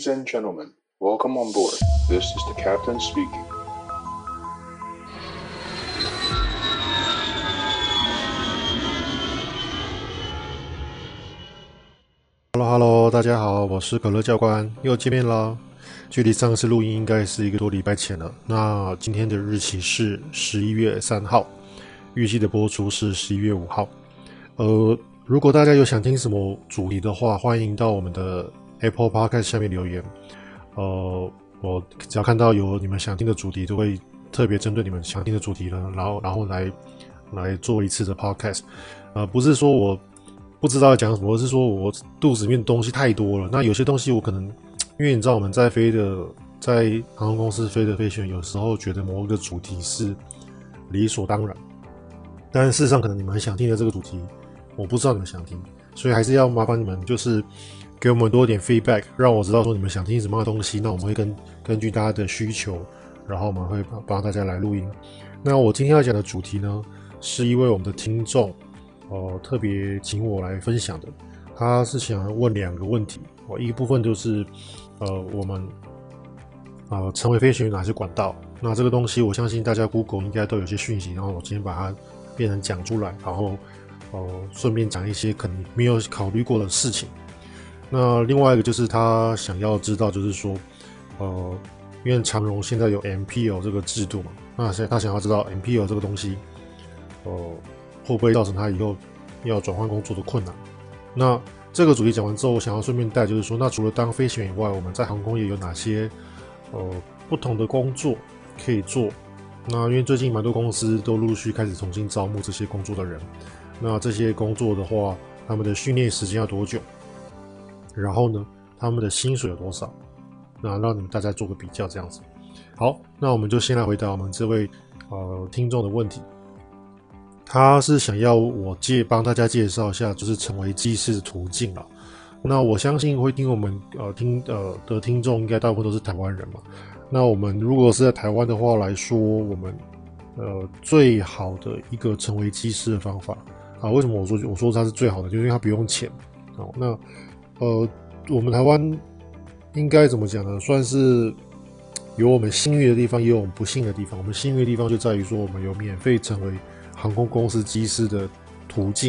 Ladies and gentlemen, welcome on board. This is the captain speaking. Hello, hello, 大家好，我是可樂教官，又見面啦。距離上次錄音應該是一個多禮拜前了。那今天的日期是十一月三號，預計的播出是十一月五號。呃，如果大家有想聽什麼主題的話，歡迎到我們的。Apple Podcast 下面留言，呃，我只要看到有你們想聽的主題，就會特別針對你們想聽的主題呢，然後然後來來做一次的 Podcast。呃，不是說我不知道要講什麼，而是說我肚子裡面東西太多了。那有些東西我可能，因為你知道我們在飛的，在航空公司飛的飛行員，有時候覺得某個主題是理所當然，但事實上可能你們想聽的這個主題，我不知道你們想聽，所以還是要麻煩你們就是。給我們多一點 feedback，讓我知道說你們想聽什麼樣的東西，那我們會根根據大家的需求，然後我們會幫大家來錄音。那我今天要講的主題呢，是一位我們的聽眾，哦、呃、特別請我來分享的，他是想問兩個問題，哦，一個部分就是，呃我們，呃、成為飛行員哪些管道？那這個東西我相信大家 Google 應該都有些訊息，然後我今天把它變成講出來，然後哦、呃、順便講一些可能沒有考慮過的事情。那另外一個就是他想要知道，就是說，呃，因為長榮現在有 MPL 這個制度嘛，那他想要知道 MPL 這個東西，呃，會不會造成他以後要轉換工作的困難？那這個主題講完之後，我想要順便帶，就是說，那除了當飛行員以外，我們在航空業有哪些，呃，不同的工作可以做？那因為最近蠻多公司都陸續開始重新招募這些工作的人，那這些工作的話，他們的訓練時間要多久？然後呢，他們的薪水有多少？那讓你們大家做個比較，這樣子。好，那我們就先來回答我們這位呃聽眾的問題。他是想要我介幫大家介紹一下，就是成為機師的途徑啊。那我相信會聽我們呃聽呃的聽眾，應該大部分都是台灣人嘛。那我們如果是在台灣的話來說，我們呃最好的一個成為機師的方法啊，為什麼我說我說它是最好的？就是因為它不用錢好，哦，那呃，我們台灣應該怎麼講呢？算是有我們幸運的地方，也有我們不幸的地方。我們幸運的地方就在於說，我們有免費成為航空公司機師的途徑，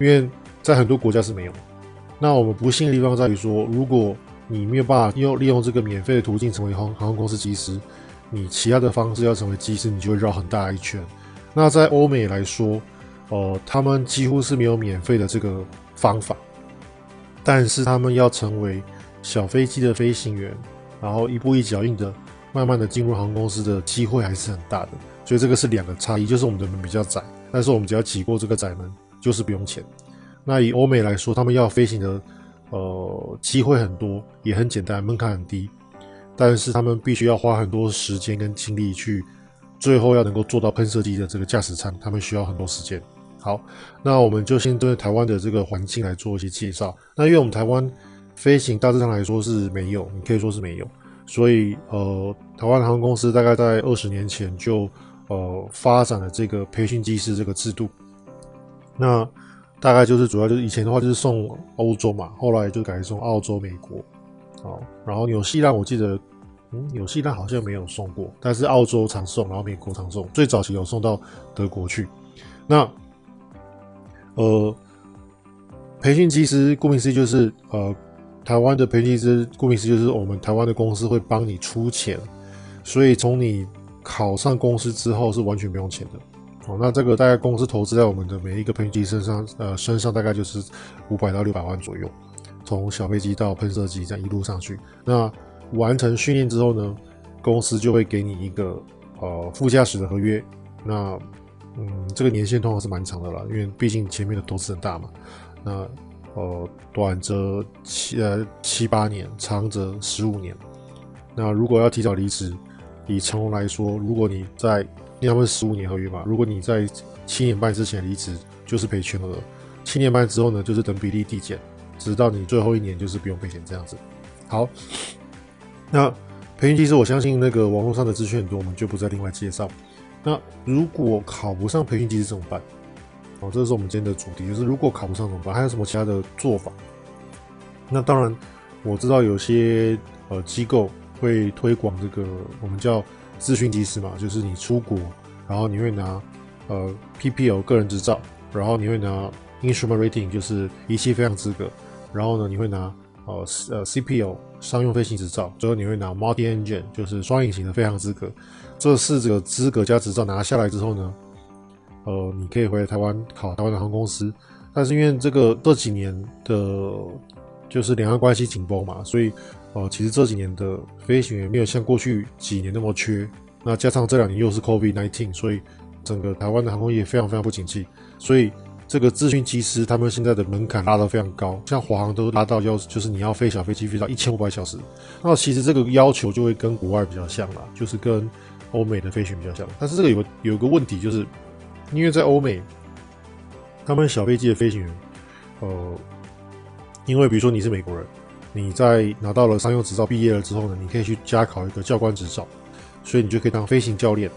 因為在很多國家是沒有。那我們不幸的地方在於說，如果你沒有辦法，利用這個免費的途徑成為航航空公司機師，你其他的方式要成為機師，你就會繞很大一圈。那在歐美來說，呃，他們幾乎是沒有免費的這個方法。但是他們要成為小飛機的飛行員，然後一步一腳印的，慢慢的進入航空公司的機會還是很大的。所以這個是兩個差異，就是我們的門比較窄，但是我們只要擠過這個窄門，就是不用錢。那以歐美來說，他們要飛行的，呃，機會很多，也很簡單，門檻很低，但是他們必須要花很多時間跟精力去，最後要能夠坐到噴射機的這個駕駛艙，他們需要很多時間。好，那我們就先對台灣的這個環境來做一些介紹。那因為我們台灣飛行大致上來說是沒有，你可以說是沒有，所以呃，台灣航空公司大概在二十年前就呃發展了這個培訓機師這個制度。那大概就是主要就是以前的話就是送歐洲嘛，後來就改送澳洲、美國，好，然後紐西蘭我記得，嗯，紐西蘭好像沒有送過，但是澳洲常送，然後美國常送，最早期有送到德國去，那。呃，培訓機師顧名思義就是呃，台灣的培訓機師，顧名思義就是我們台灣的公司會幫你出錢，所以從你考上公司之後是完全不用錢的。好，哦，那這個大概公司投資在我們的每一個培訓機身上，呃，身上大概就是五百到六百萬左右，從小飛機到噴射機這樣一路上去。那完成訓練之後呢，公司就會給你一個呃副駕駛的合約。那嗯，這個年限通常是蠻長的了，因為畢竟前面的投資很大嘛。那呃，短則七呃七八年，長則十五年。那如果要提早離職，以長榮來說，如果你在因為它是十五年合約嘛，如果你在七年半之前離職，就是賠全額；七年半之後呢，就是等比例遞減，直到你最後一年就是不用賠錢這樣子。好，那培訓其實我相信那個網絡上的資訊很多，我們就不再另外介紹。那如果考不上培訓機師怎麼辦？哦，這是我們今天的主題，就是如果考不上怎麼辦？還有什麼其他的做法？那當然，我知道有些呃機構會推廣這個，我們叫自訓機師嘛，就是你出國，然後你會拿呃 PPL 個人執照，然後你會拿 Instrument Rating，就是儀器非常資格，然後呢，你會拿。哦，呃，CPL 商用飛行執照，最後你會拿 Multi Engine，就是雙引擎的飛行資格。這四個資格加執照拿下來之後呢，呃，你可以回台灣考台灣的航空公司。但是因為這個這幾年的，就是兩岸關係緊繃嘛，所以，呃，其實這幾年的飛行員沒有像過去幾年那麼缺。那加上這兩年又是 COVID-19，所以整個台灣的航空業非常非常不景氣，所以。這個自訓機師他們現在的門檻拉得非常高，像華航都拉到要就是你要飛小飛機飛到一千五百小時。那其實這個要求就會跟國外比較像啦，就是跟歐美的飛行比較像。但是這個有有個問題，就是因為在歐美，他們小飛機的飛行員，呃，因為比如說你是美國人，你在拿到了商用執照畢業了之後呢，你可以去加考一個教官執照，所以你就可以當飛行教練。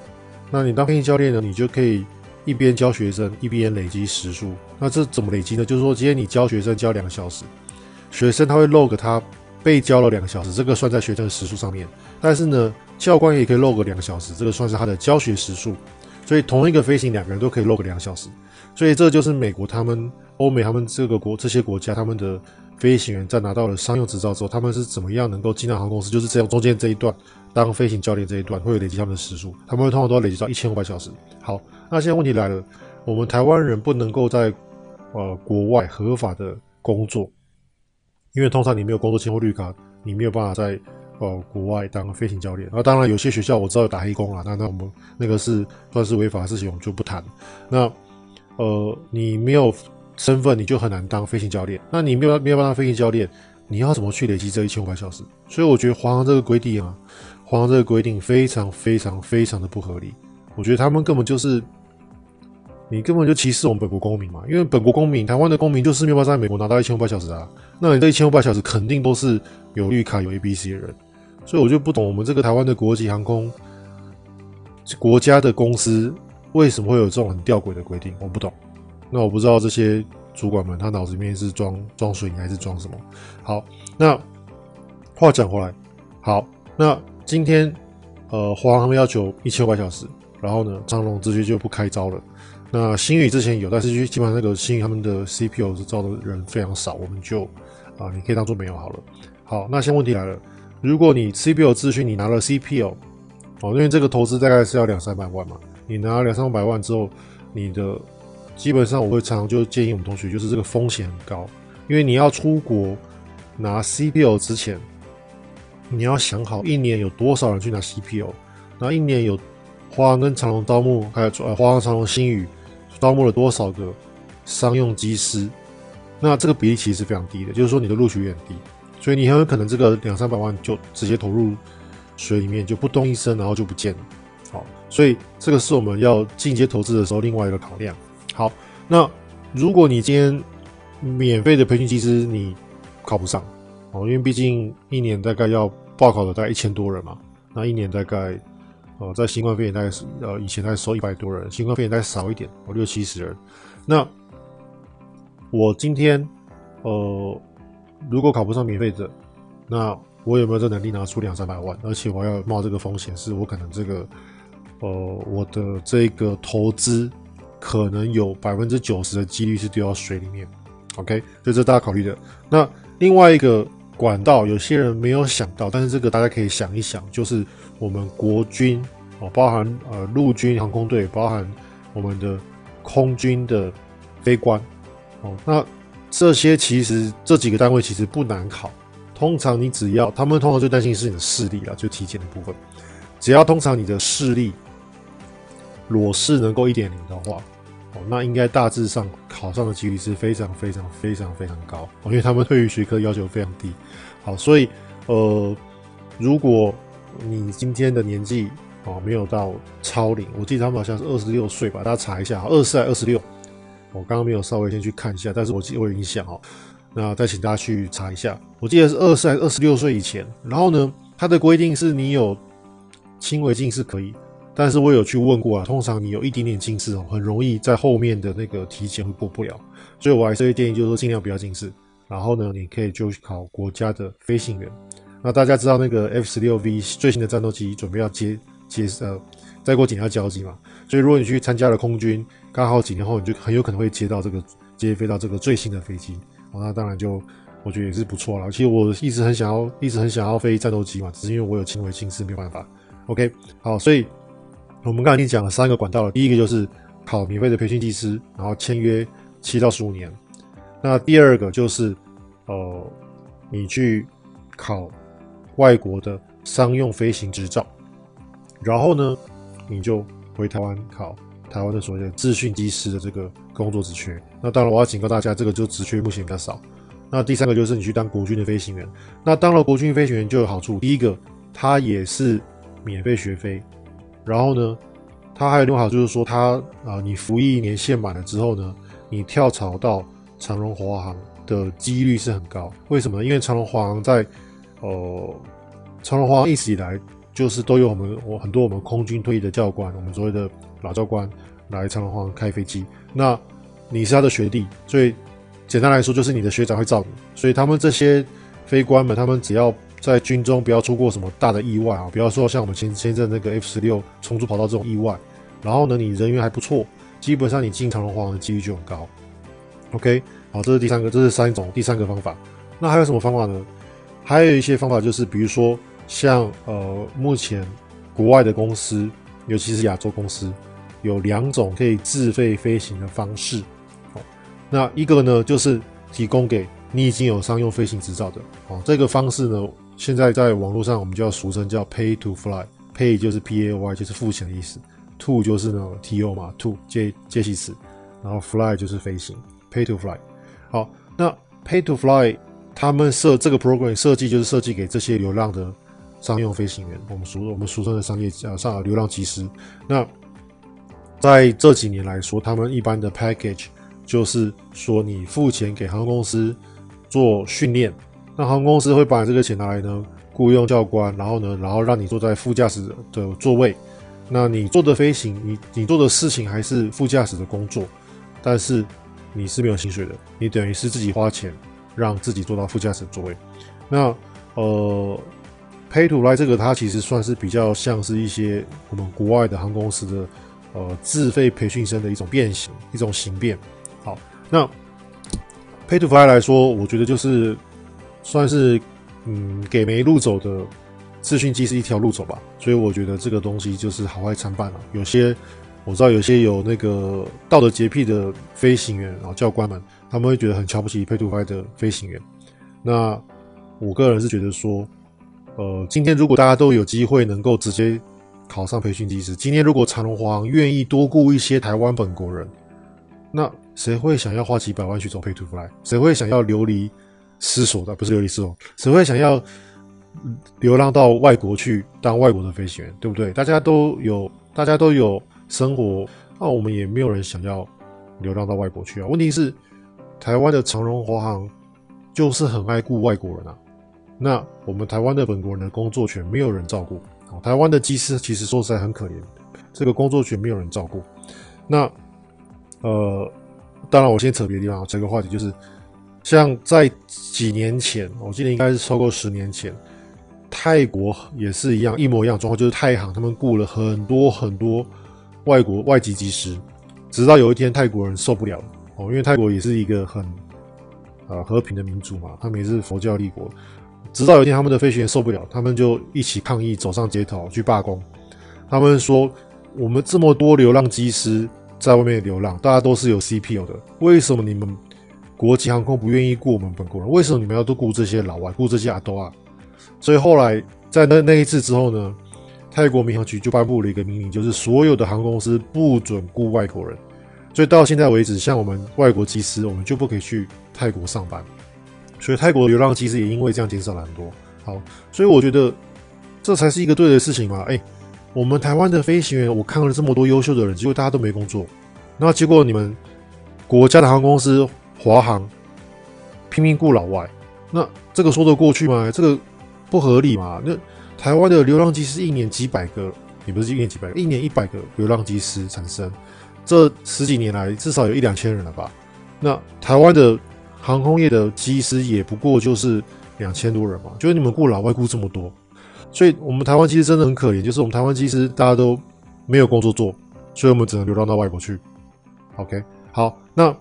那你當飛行教練呢，你就可以一邊教學生，一邊累積時數。那這怎麼累積呢？就是說，今天你教學生教兩個小時，學生他會 log 他被教了兩個小時，這個算在學生的時數上面。但是呢，教官也可以 log 兩個小時，這個算是他的教學時數。所以同一個飛行，兩個人都可以 log 兩個小時。所以這就是美國他們、歐美他們這個國這些國家他們的飛行員在拿到了商用執照之後，他們是怎麼樣能夠進到航空公司？就是這樣中間這一段當飛行教練這一段會有累積他們的時數，他們會通常都要累積到一千五百小時。好。那現在問題來了，我們台灣人不能夠在呃國外合法的工作，因為通常你沒有工作簽或綠卡，你沒有辦法在呃國外當飛行教練。那當然有些學校我知道有打黑工啦，那那我們那個是算是違法的事情，我們就不談。那呃你沒有身份，你就很難當飛行教練。那你沒有沒有辦法飛行教練，你要怎麼去累積這一千五百小時？所以我覺得華航這個規定啊，華航這個規定非常非常非常的不合理。我覺得他們根本就是。你根本就歧視我們本國公民嘛？因為本國公民，台灣的公民就是沒有辦法在美國拿到一千五百小時啊。那你這一千五百小時肯定都是有綠卡、有 A、B、C 的人，所以我就不懂我們這個台灣的國籍航空、國家的公司為什麼會有這種很吊詭的規定，我不懂。那我不知道這些主管們他腦子裡面是裝裝水泥還是裝什麼。好，那話講回來，好，那今天呃，華航要求一千五百小時，然後呢，長榮直接就不開招了。那星宇之前有，但是基本上那個星宇他們的 c p u 是招的人非常少，我們就啊，你可以當做沒有好了。好，那現在問題來了，如果你 c p u 資訊你拿了 c p u 哦，因為這個投資大概是要兩三百萬嘛，你拿了兩三百萬之後，你的基本上我會常常就建議我們同學，就是這個風險很高，因為你要出國拿 c p u 之前，你要想好一年有多少人去拿 c p u，然那一年有華航跟長榮招募，還有呃華航長榮星宇。招募了多少個商用機師？那這個比例其實是非常低的，就是說你的錄取率很低，所以你很有可能這個兩三百萬就直接投入水裡面，就撲通一聲，然後就不見了。好，所以這個是我們要進階投資的時候另外一個考量。好，那如果你今天免費的培訓機師你考不上哦，因為畢竟一年大概要報考的大概一千多人嘛，那一年大概。呃，在新冠肺炎大概是呃以前在收一百多人，新冠肺炎在少一點，我六七十人。那我今天呃，如果考不上免費的，那我有沒有這能力拿出兩三百萬？而且我要冒這個風險，是我可能這個呃我的這個投資可能有百分之九十的幾率是丟到水裡面。OK，所以這是大家考慮的。那另外一個管道，有些人沒有想到，但是這個大家可以想一想，就是。我們國軍哦，包含呃陸軍航空隊，包含我們的空軍的飛官哦。那這些其實這幾個單位其實不難考。通常，你只要他們通常最擔心是你的視力啦，就體檢的部分，只要通常你的視力裸視能夠一點零的話哦，那應該大致上考上的幾率是非常非常非常非常高。因為他們對於學科要求非常低。好，所以呃，如果你今天的年紀哦，沒有到超齡，我記得他們好像是二十六歲吧，大家查一下，二十還二十六。我剛剛沒有稍微先去看一下，但是我記得我，我有印象哦，那再請大家去查一下。我記得是二十還是二十六歲以前。然後呢，它的規定是你有輕微近視可以，但是我有去問過啊，通常你有一點點近視哦，很容易在後面的那個體檢會過不了。所以我還是會建議就是說盡量不要近視。然後呢，你可以就考國家的飛行員。那大家知道那個 F 十六 V 最新的戰鬥機準備要接接，呃，再過幾年要交機嘛。所以如果你去參加了空軍，剛好幾年後你就很有可能會接到這個接飛到這個最新的飛機，那當然就我覺得也是不錯了。其實我一直很想要，一直很想要飛戰鬥機嘛，只是因為我有輕微近視，沒有辦法。OK，好，所以我們剛才已經講了三個管道了，第一個就是考免費的培訓機師，然後簽約七到十五年。那第二個就是呃你去考。外國的商用飛行執照，然後呢，你就回台灣考台灣的所謂的自訓機師的這個工作職缺。那當然，我要警告大家，這個就職缺目前比較少。那第三個就是你去當國軍的飛行員。那當了國軍飛行員就有好處，第一個他也是免費學飛，然後呢，他還有另外好處就是說，他啊、呃，你服役年限滿了之後呢，你跳槽到長榮華航的幾率是很高。為什麼呢？因為長榮華航在哦、呃，長龍航一直以來就是都有我們我們很多我們空軍退役的教官，我們所謂的老教官來長龍航開飛機。那你是他的學弟，所以簡單來說就是你的學長會罩你。所以他們這些飛官們，他們只要在軍中不要出過什麼大的意外啊，不要說像我們前陣那個 F 十六衝出跑道這種意外，然後呢，你人緣還不錯，基本上你進長龍航的幾率就很高。OK，好，這是第三個，這是三種第三個方法。那還有什麼方法呢？還有一些方法，就是比如說像呃，目前國外的公司，尤其是亞洲公司，有兩種可以自費飛行的方式。哦，那一個呢，就是提供給你已經有商用飛行執照的。哦，這個方式呢，現在在網絡上我們就要俗稱叫 pay to fly，pay 就是 p a y 就是付錢的意思，to 就是呢 t o 嘛，to 介、介系詞，然後 fly 就是飛行，pay to fly。好，那 pay to fly。他們設這個 program 設計就是設計給這些流浪的商用飛行員，我們俗我們俗稱的商業呃上流浪機師。那在這幾年來說，他們一般的 package 就是說你付錢給航空公司做訓練，那航空公司會把這個錢拿來呢僱傭教官，然後呢，然後讓你坐在副駕駛的座位，那你做的飛行，你你做的事情還是副駕駛的工作，但是你是沒有薪水的，你等於是自己花錢。讓自己坐到副駕駛座位，那呃，Pay to fly 這個它其實算是比較像是一些我們國外的航空公司的呃自費培訓生的一種變形，一種形變。好，那 Pay to fly 來說，我覺得就是算是嗯給沒路走的自訓機師一條路走吧，所以我覺得這個東西就是好壞參半了啊。有些我知道，有些有那個道德潔癖的飛行員啊教官們。他們會覺得很瞧不起 Pay to fly 的飛行員。那我個人是覺得說，呃，今天如果大家都有機會能夠直接考上培訓機師，今天如果長榮華航願意多僱一些台灣本國人，那誰會想要花幾百萬去走 Pay to fly？誰會想要流離失所的？不是流離失所，誰會想要流浪到外國去當外國的飛行員？對不對？大家都有，大家都有生活，啊，那我們也沒有人想要流浪到外國去啊。問題是。台灣的長榮華航就是很愛雇外國人啊，那我們台灣的本國人的工作權沒有人照顧。台灣的機師其實說實在很可憐，這個工作權沒有人照顧。那呃，當然我先扯別的地方，啊這個話題就是，像在幾年前，我記得應該是超過十年前，泰國也是一樣一模一樣的狀況，就是泰航他們雇了很多很多外國外籍機師，直到有一天泰國人受不了。哦，因為泰國也是一個很呃和平的民族嘛，他們也是佛教立國。直到有一天，他們的飛行員受不了，他們就一起抗議，走上街頭去罷工。他們說：“我們這麼多流浪機師在外面流浪，大家都是有 CPL 的，為什麼你們國際航空不願意雇我們本國人？為什麼你們要都雇這些老外，雇這些阿斗啊？”所以後來在那那一次之後呢，泰國民航局就頒布了一個命令，就是所有的航空公司不准雇外國人。所以到現在為止，像我們外國機師，我們就不可以去泰國上班。所以泰國的流浪機師也因為這樣減少了很多。好，所以我覺得這才是一個對的事情嘛。誒、欸，我們台灣的飛行員，我看了這麼多優秀的人，結果大家都沒工作。那結果你們國家的航空公司華航拼命僱老外，那這個說得過去嗎？這個不合理嘛？那台灣的流浪機師一年幾百個，也不是一年幾百個，一年一百個流浪機師產生。這十幾年來，至少有一兩千人了吧？那台灣的航空業的機師也不過就是兩千多人嘛，就是你們雇老外雇這麼多，所以我們台灣其實真的很可憐，就是我們台灣其實大家都沒有工作做，所以我們只能流浪到外國去。OK，好，那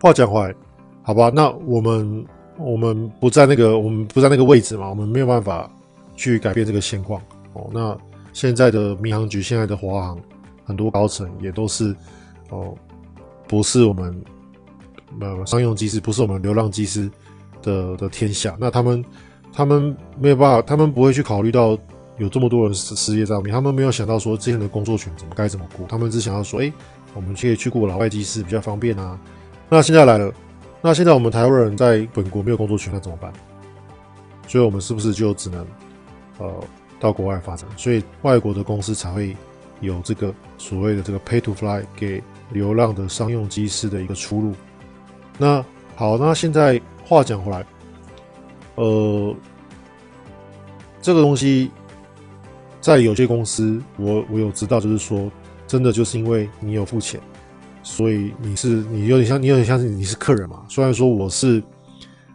話講回來，好吧？那我們我們不在那個我們不在那個位置嘛，我們沒有辦法去改變這個現況哦。那現在的民航局，現在的華航。很多高層也都是，哦、呃，不是我們呃商用機師，不是我們流浪機師的的天下。那他們他們沒有辦法，他們不會去考慮到有這麼多人失業在那邊。他們沒有想到說之前的工作權怎麼該怎麼過，他們只想要說，哎，我們可以去僱老外機師比較方便啊。那現在來了，那現在我們台灣人在本國沒有工作權，那怎麼辦？所以我們是不是就只能呃到國外發展？所以外國的公司才會。有這個所謂的這個 pay to fly 給流浪的商用機師的一個出路。那好，那現在話講回來，呃，這個東西在有些公司，我我有知道，就是說真的，就是因為你有付錢，所以你是你有點像你有點像你是客人嘛。雖然說我是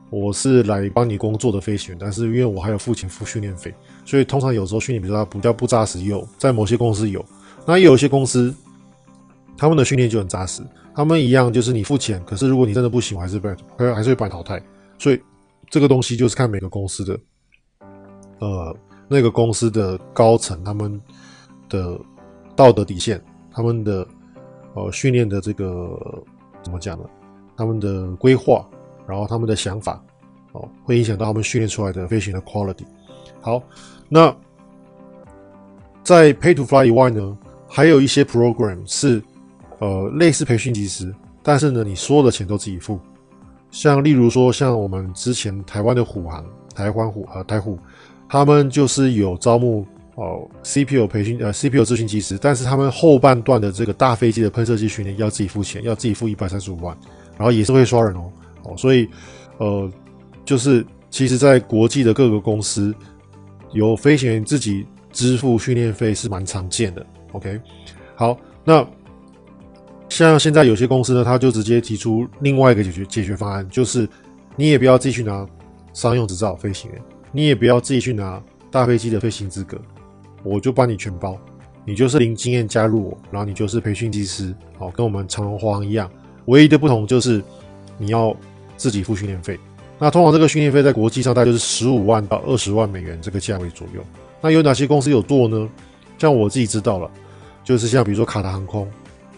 我是來幫你工作的飛行員，但是因為我還有付錢付訓練費。所以通常有時候訓練，比如說他不叫不扎實也有，有在某些公司有，那也有一些公司，他們的訓練就很扎實，他們一樣就是你付錢，可是如果你真的不行，還是被還是會被淘汰。所以這個東西就是看每個公司的，呃，那個公司的高層，他們的道德底線，他們的，呃，訓練的這個，怎麼講呢？他們的規劃，然後他們的想法哦，會影響到他們訓練出來的飛行的 quality。好。那在 pay to fly 以外呢，還有一些 program 是，呃，類似培訓機師，但是呢，你所有的錢都自己付。像例如說，像我們之前台灣的虎航、台灣虎和、呃、台虎，他們就是有招募哦、呃、CPL 培訓呃 CPL 自訓機師，但是他們後半段的這個大飛機的噴射機訓練要自己付錢，要自己付一百三十五萬，然後也是會刷人哦。哦，所以呃，就是其實，在國際的各個公司。由飛行員自己支付訓練費是蠻常見的。OK，好，那像現在有些公司呢，他就直接提出另外一個解決解決方案，就是你也不要自己去拿商用執照飛行員，你也不要自己去拿大飛機的飛行資格，我就幫你全包，你就是零經驗加入我，然後你就是培訓機師，好，跟我們長榮華航一樣，唯一的不同就是你要自己付訓練費。那通常這個訓練費在國際上大概就是十五萬到二十萬美元這個價位左右。那有哪些公司有做呢？像我自己知道了，就是像比如說卡達航空，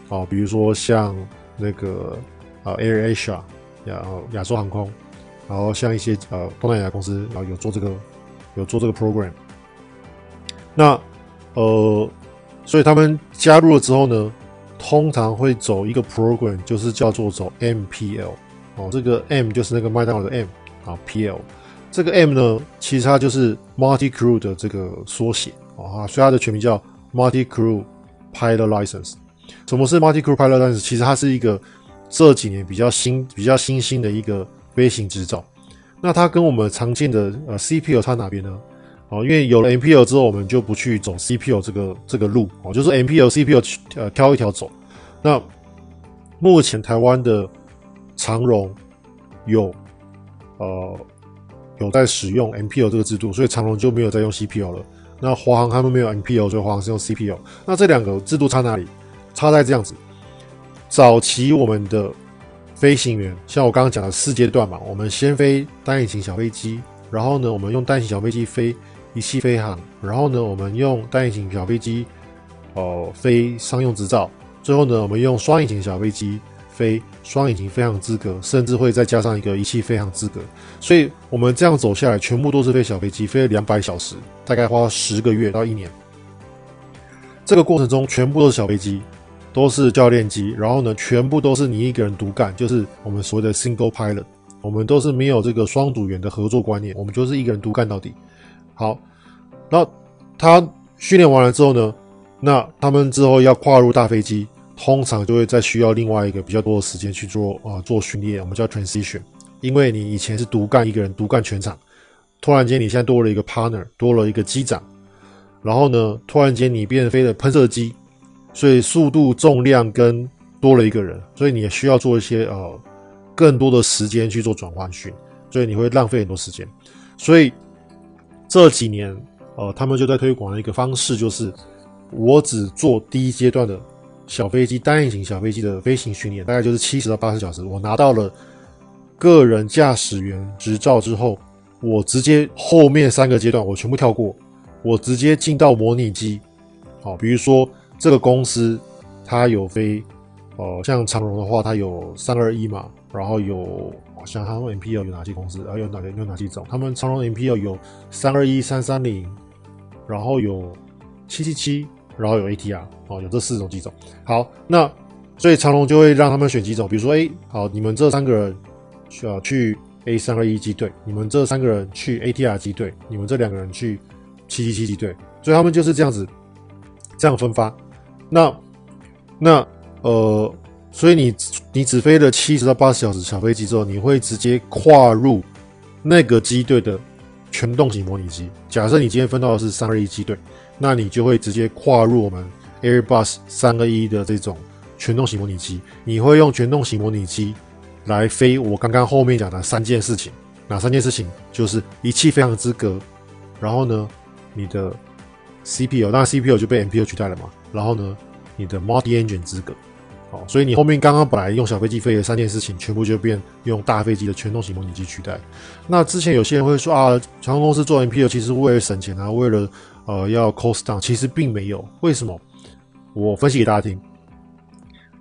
哦、呃，比如說像那個呃 AirAsia，然後、呃、亞洲航空，然後像一些呃東南亞公司，然後有做這個有做這個 program。那呃，所以他們加入了之後呢，通常會走一個 program，就是叫做走 MPL。哦，這個 M 就是那個麥當勞的 M 啊，P L 這個 M 呢，其實它就是 Multi Crew 的這個縮寫啊，所以它的全名叫 Multi Crew Pilot License。什麼是 Multi Crew Pilot License？其實它是一個這幾年比較新，比較新興的一個飛行執照。那它跟我們常見的呃 CPL 差哪邊呢？啊，因為有了 MPL 之後，我們就不去走 CPL 這個這個路啊，就是 MPL，呃、CPL 去呃挑一條走。那目前台灣的長榮有呃有在使用 MPL 這個制度，所以長榮就沒有在用 CPL 了。那華航他們沒有 MPL，所以華航是用 CPL。那這兩個制度差哪裡？差在這樣子：早期我們的飛行員，像我剛剛講的四階段嘛，我們先飛單引擎小飛機，然後呢，我們用單引擎小飛機飛儀器飛航，然後呢，我們用單引擎小飛機哦、呃、飛商用執照，最後呢，我們用雙引擎小飛機。飛雙引擎飛航資格，甚至會再加上一個儀器飛航資格。所以，我們這樣走下來，全部都是飛小飛機，飛了兩百小時，大概花了十個月到一年。這個過程中，全部都是小飛機，都是教練機。然後呢，全部都是你一個人獨幹，就是我們所謂的 single pilot。我們都是沒有這個雙組員的合作觀念，我們就是一個人獨幹到底。好，那他訓練完了之後呢，那他們之後要跨入大飛機。通常就會再需要另外一個比較多的時間去做啊，呃，做訓練，我們叫 transition，因為你以前是獨幹一個人，獨幹全場，突然間你現在多了一個 partner，多了一個機長，然後呢，突然間你變飛了噴射機，所以速度、重量跟多了一個人，所以你也需要做一些呃更多的時間去做轉換訓，所以你會浪費很多時間。所以這幾年呃，他們就在推廣一個方式，就是我只做第一階段的。小飛機單引擎小飛機的飛行訓練，大概就是七十到八十小時。我拿到了個人駕駛員執照之後，我直接後面三個階段我全部跳過，我直接進到模擬機。好，比如說這個公司，它有飛，呃，像長榮的話，它有三二一嘛，然後有像長榮 MPL 有哪些公司？然後，啊，有哪有哪幾種？他們長榮 MPL 有三二一、三三零，然後有七七七。然後有 ATR，哦，有這四種機種。好，那所以長龍就會讓他們選機種，比如說，哎，好，你們這三個人需要去 A 三二一機隊，你們這三個人去 ATR 機隊，你們這兩個人去七七七機隊。所以他們就是這樣子這樣分發。那那呃，所以你你只飛了七十到八十小時小飛機之後，你會直接跨入那個機隊的全動型模擬機。假設你今天分到的是三二一機隊。那你就會直接跨入我們 Airbus 三個一的這種全動型模擬機，你會用全動型模擬機來飛我剛剛後面講的三件事情，哪三件事情？就是儀器飛行資格，然後呢，你的 CPL，當然 CPL 就被 MPL 取代了嘛，然後呢，你的 Multi Engine 資格。所以你後面剛剛本來用小飛機飛的三件事情，全部就變用大飛機的全動型模擬機取代。那之前有些人會說啊，航空公司做 MPO 其實為了省錢啊，為了呃要 cost down，其實並沒有。為什麼？我分析給大家聽。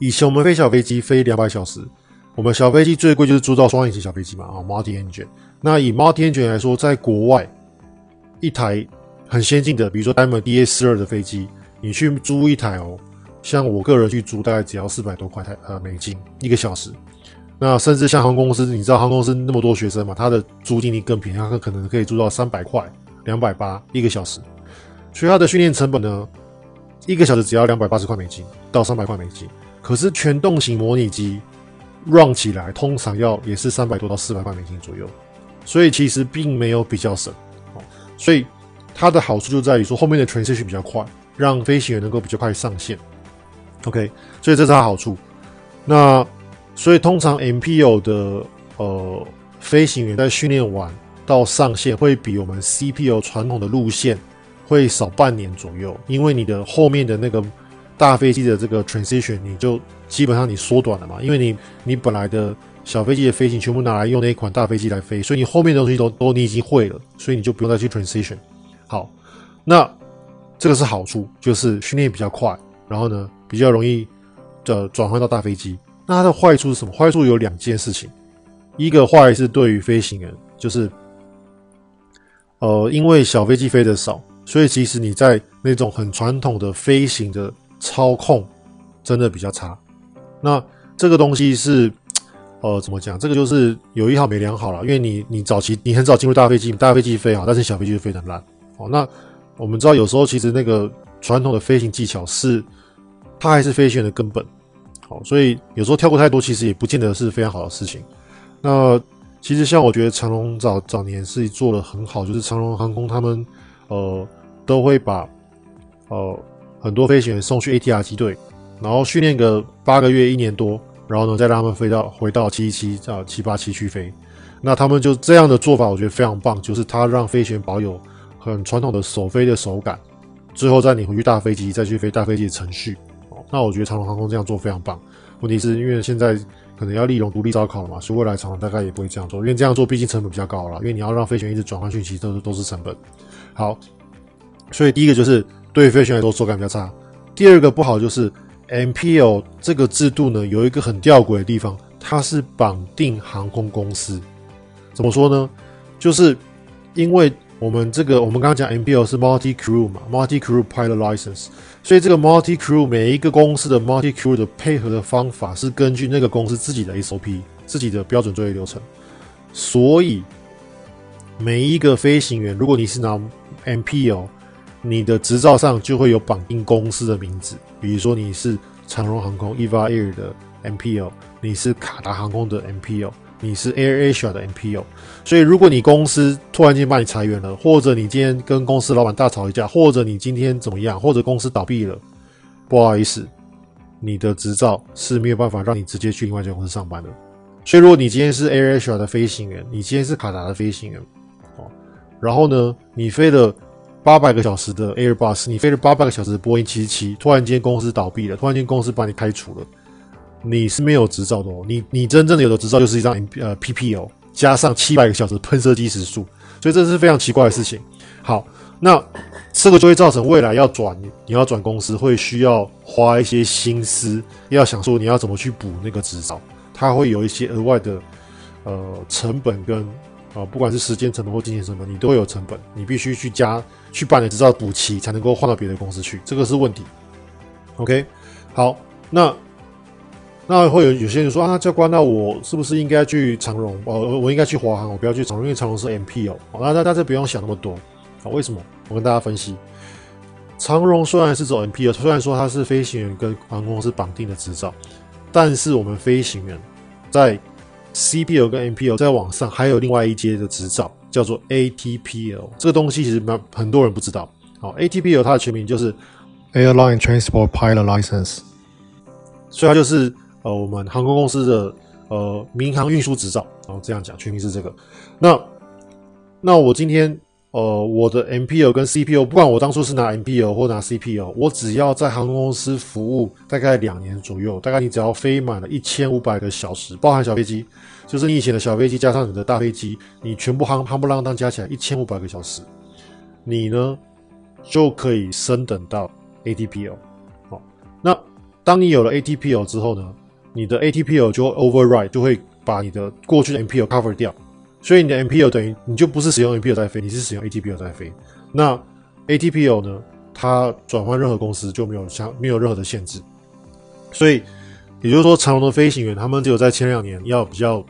以前我們飛小飛機飛兩百小時，我們小飛機最貴就是租到雙引擎小飛機嘛，啊，哦，multi engine。那以 multi engine 來說，在國外一台很先進的，比如說 Diamond DA 四二的飛機，你去租一台哦。像我個人去租，大概只要四百多塊台呃美金一個小時。那甚至像航空公司，你知道航空公司那麼多學生嘛，他的租金力更便宜，他可能可以租到三百塊兩百八一個小時。所以他的訓練成本呢，一個小時只要兩百八十塊美金到三百塊美金。可是全動型模擬機 run 起來，通常要也是三百多到四百塊美金左右。所以其實並沒有比較省。所以它的好處就在於說，後面的 t r a i i o 序比較快，讓飛行員能夠比較快上線。OK，所以這是它的好處那。那所以通常 MPL 的呃飛行員在訓練完到上線會比我們 CPL 傳統的路線會少半年左右，因為你的後面的那個大飛機的這個 transition 你就基本上你縮短了嘛，因為你你本來的小飛機的飛行全部拿來用那一款大飛機來飛，所以你後面的東西都都你已經會了，所以你就不用再去 transition。好，那這個是好處，就是訓練比較快。然後呢，比較容易的、呃、轉換到大飛機。那它的壞處是什麼？壞處有兩件事情。一個壞是對於飛行員，就是呃，因為小飛機飛得少，所以其實你在那種很傳統的飛行的操控真的比較差。那這個東西是呃怎麼講？這個就是有一好沒兩好了，因為你你早期你很早進入大飛機，大飛機飛好，但是小飛機就非常爛。哦，那我們知道有時候其實那個。傳統的飛行技巧是，它還是飛行員的根本。好，所以有時候跳過太多，其實也不見得是非常好的事情。那其實像我覺得長，長榮早早年是做的很好，就是長榮航空他們呃都會把呃很多飛行員送去 ATR 機隊，然後訓練個八個月、一年多，然後呢再讓他們飛到回到七七七、啊，七八七去飛。那他們就這樣的做法，我覺得非常棒，就是它讓飛行員保有很傳統的首飛的手感。最後再你回去大飛機再去飛大飛機的程序哦，那我覺得長龍航空這樣做非常棒。問題是因為現在可能要利用獨立招考了嘛，所以未來長龍大概也不會這樣做，因為這樣做畢竟成本比較高了。因為你要讓飛行員一直轉換去，其實都都是成本。好，所以第一個就是對飛行員來說手感比較差。第二個不好就是 MPL 這個制度呢，有一個很弔詭的地方，它是綁定航空公司。怎麼說呢？就是因為我們這個，我們剛剛講 MPL 是 Multi Crew 嘛，Multi Crew Pilot License，所以這個 Multi Crew 每一個公司的 Multi Crew 的配合的方法是根據那個公司自己的 SOP，自己的標準作業流程。所以每一個飛行員，如果你是拿 MPL，你的執照上就會有綁定公司的名字，比如說你是長榮航空、EVA Air 的 MPL，你是卡達航空的 MPL。你是 Air Asia 的 NPO 所以如果你公司突然間把你裁員了，或者你今天跟公司老板大吵一架，或者你今天怎麼樣，或者公司倒閉了，不好意思，你的執照是沒有辦法讓你直接去另外一家公司上班的。所以如果你今天是 Air Asia 的飛行員，你今天是卡達的飛行員，哦，然後呢，你飛了八百個小時的 Airbus，你飛了八百個小時的波音七七，突然間公司倒閉了，突然間公司把你開除了。你是沒有執照的，哦，你你真正的有的執照就是一張呃 PPL 加上七百個小時噴射機時數，所以這是非常奇怪的事情。好，那這個就會造成未來要轉，你要轉公司會需要花一些心思，要想說你要怎麼去補那個執照，它會有一些額外的呃成本跟啊，呃，不管是時間成本或金錢成本，你都會有成本，你必須去加去辦理執照補齊才能夠換到別的公司去，這個是問題。OK，好，那。那會有有些人說啊，教官，那我是不是應該去長榮？哦、呃，我應該去華航，我不要去長榮，因為長榮是 M P L、啊。那那大家不用想那麼多啊。為什麼？我跟大家分析，長榮雖然是走 M P L，雖然說它是飛行員跟航空公司綁定的執照，但是我們飛行員在 C P L 跟 M P L 再往上還有另外一階的執照，叫做 A T P L。這個東西其實蠻很多人不知道。好，A T P L 它的全名就是 Airline Transport Pilot License，所以它就是。呃，我們航空公司的呃民航運輸執照，然後這樣講，全名是這個。那那我今天呃，我的 MPL 跟 CPL，不管我當初是拿 MPL 或拿 CPL，我只要在航空公司服務大概兩年左右，大概你只要飛滿了一千五百個小時，包含小飛機，就是你以前的小飛機加上你的大飛機，你全部夯夯不啷當加起來一千五百個小時，你呢就可以升等到 ATPL。好，那當你有了 ATPL 之後呢？你的 ATPL 就 override 就會把你的過去的 MPL cover 掉，所以你的 MPL 等於你就不是使用 MPL 在飛，你是使用 ATPL 在飛。那 ATPL 呢，它轉換任何公司就沒有相沒有任何的限制。所以也就是說，長龍的飛行員他們只有在前兩年要比較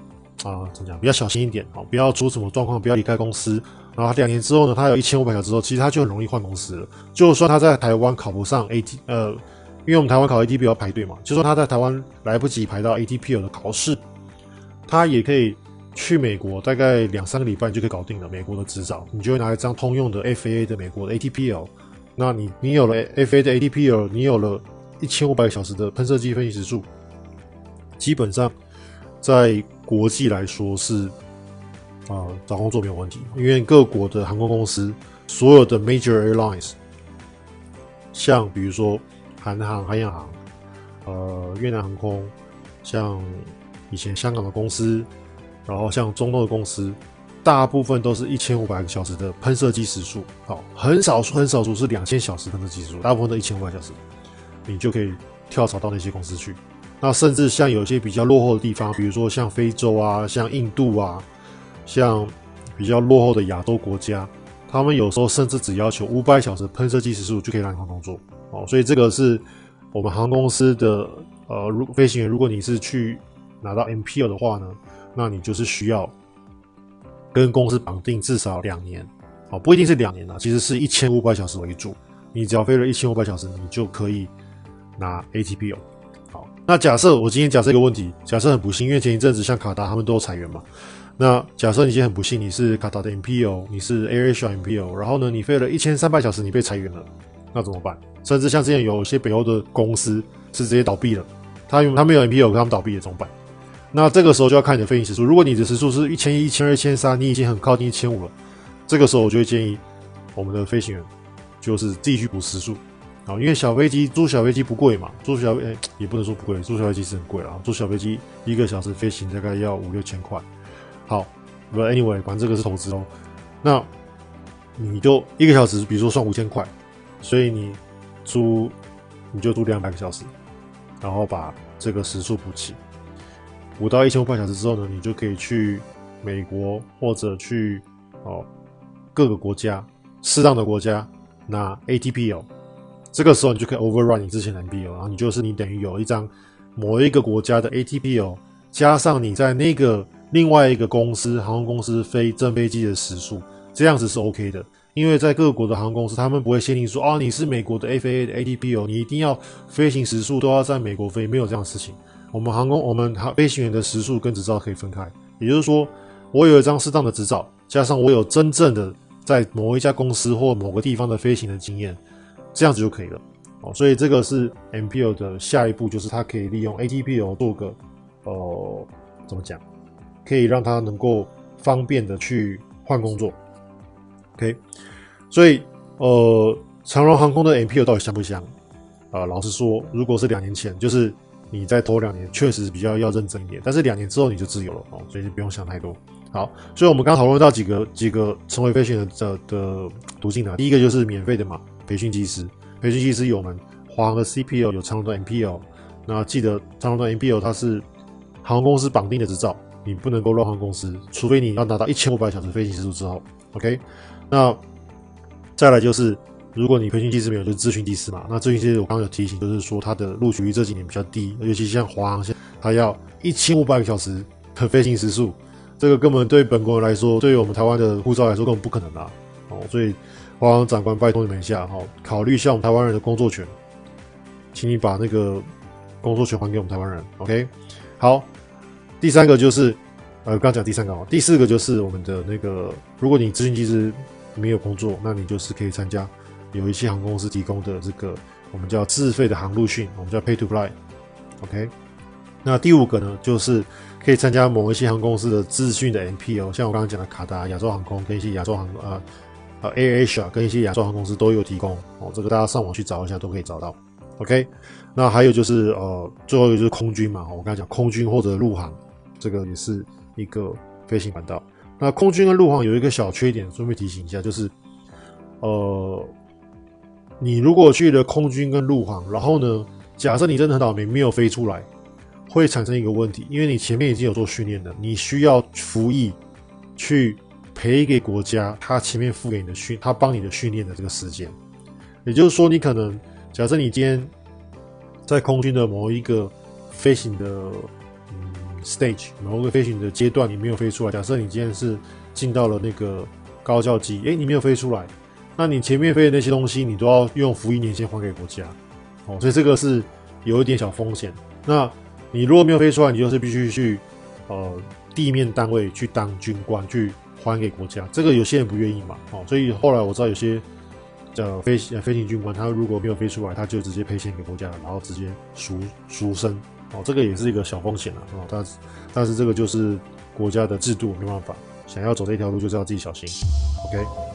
啊、呃、怎麼講，比較小心一點，哦，不要出什麼狀況，不要離開公司。然後他兩年之後呢，他有一千五百小時之後，其實他就很容易換公司了。就算他在台灣考不上 AT 呃。因為我們台灣考 ATP 要排隊嘛，就說他在台灣來不及排到 ATPL 的考試，他也可以去美國，大概兩三個禮拜就可以搞定了。美國的執照，你就會拿一張通用的 FAA 的美國的 ATPL。那你你有了 FAA 的 ATPL，你有了一千五百個小時的噴射機飛行時數，基本上在國際來說是啊、呃、找工作沒有問題，因為各國的航空公司所有的 Major Airlines，像比如說。韓航、韓亞航，呃，越南航空，像以前香港的公司，然後像中東的公司，大部分都是一千五百個小時的噴射機時數，哦，很少數很少數是兩千小時的噴射機時數，大部分都一千五百小時，你就可以跳槽到那些公司去。那甚至像有些比較落後的地方，比如說像非洲啊，像印度啊，像比較落後的亞洲國家。他們有時候甚至只要求五百小時噴射機時數，就可以你航工作哦，所以這個是我們航空公司的呃，如飛行員，如果你是去拿到 MPL 的話呢，那你就是需要跟公司綁定至少兩年哦，不一定是兩年啊，其實是一千五百小時為主，你只要飛了一千五百小時，你就可以拿 ATPL。好，那假設我今天假設一個問題，假設很不幸，因為前一陣子像卡達他們都有裁員嘛。那假設你今天很不幸，你是卡塔的 MPO，你是 AirAsia MPO，然後呢，你飛了一千三百小時，你被裁員了，那怎麼辦？甚至像之前有些北歐的公司是直接倒閉了，他用他沒有 MPO，他們倒閉了怎麼辦？那這個時候就要看你的飛行時數，如果你的時數是一千、一千二、一千三，你已經很靠近一千五了，這個時候我就會建議我們的飛行員就是繼續補時數。啊，因為小飛機租小飛機不貴嘛，租小哎、欸、也不能說不貴，租小飛機是很貴啊，租小飛機一個小時飛行大概要五六千塊。好，but anyway，反正這個是投資哦。那你就一個小時，比如說算五千塊，所以你租你就租兩百個小時，然後把這個時數補齊，補到一千五百小時之後呢，你就可以去美國或者去哦各個國家適當的國家拿 ATPL。這個時候你就可以 overrun 你之前的 NBO，然後你就是你等於有一張某一個國家的 ATPL，加上你在那個。另外一個公司，航空公司飛真飛機的時速，這樣子是 OK 的，因為在各國的航空公司，他們不會限定說，啊、哦，你是美國的 FAA 的 ATP 哦，你一定要飛行時速都要在美國飛，沒有這樣的事情。我們航空，我們航飛行員的時速跟執照可以分開，也就是說，我有一張適當的執照，加上我有真正的在某一家公司或某個地方的飛行的經驗，這樣子就可以了。哦，所以這個是 MPL 的下一步，就是它可以利用 ATPL 做個，呃，怎麼講？可以讓他能夠方便的去換工作，OK，所以呃，長榮航空的 MPL 到底香不香？啊、呃，老實說，如果是兩年前，就是你在頭兩年，確實比較要認真一點。但是兩年之後你就自由了哦，所以就不用想太多。好，所以我們剛剛討論到幾個幾個成為飛行員的、呃、的途徑呢，第一個就是免費的嘛，培訓技師，培訓技師有我們華航的 CPL 有長榮的 MPL 那記得長榮的 MPL 它是航空公司綁定的執照。你不能夠亂換公司，除非你要拿到一千五百小時飛行時數之後，OK？那再來就是，如果你培訓機師沒有，就自、是、訓機師嘛。那自訓機師我剛剛有提醒，就是說他的錄取率這幾年比較低，尤其像華航，現在他要一千五百個小時的飛行時數，這個根本對本國人來說，對於我們台灣的護照來說，根本不可能啦。哦，所以華航長官拜託你們一下，哈、哦，考慮一下我們台灣人的工作權，請你把那個工作權還給我們台灣人，OK？好。第三個就是，呃，我剛剛講第三個哦。第四個就是我們的那個，如果你自訓其實沒有工作，那你就是可以參加有一些航空公司提供的這個我們叫自費的航路訓，我們叫 pay to fly，OK、okay？那第五個呢，就是可以參加某一些航空公司的自訓的 MP 哦，像我剛剛講的卡達、亞洲航空跟一些亞洲航，呃呃，AirAsia 跟一些亞洲航空公司都有提供哦，這個大家上網去找一下都可以找到，OK。那還有就是，呃，最後一個就是空軍嘛，我剛剛講空軍或者陸航。這個也是一個飛行管道。那空軍跟陸航有一個小缺點，順便提醒一下，就是，呃，你如果去了空軍跟陸航，然後呢，假設你真的很倒霉沒有飛出來，會產生一個問題，因為你前面已經有做訓練了，你需要服役去賠給國家，他前面付給你的訓，他幫你的訓練的這個時間，也就是說，你可能假設你今天在空軍的某一個飛行的。stage 某個飛行的階段你沒有飛出來，假設你今天是進到了那個高教機，哎，你沒有飛出來，那你前面飛的那些東西你都要用服役年限還給國家，哦，所以這個是有一點小風險。那你如果沒有飛出來，你就是必須去呃地面單位去當軍官去還給國家，這個有些人不願意嘛，哦，所以後來我知道有些叫飛行飛行軍官，他如果沒有飛出來，他就直接賠錢給國家，然後直接贖贖身。哦，這個也是一個小風險了啊，哦，但是但是這個就是國家的制度，沒辦法，想要走這條路就是要自己小心，OK。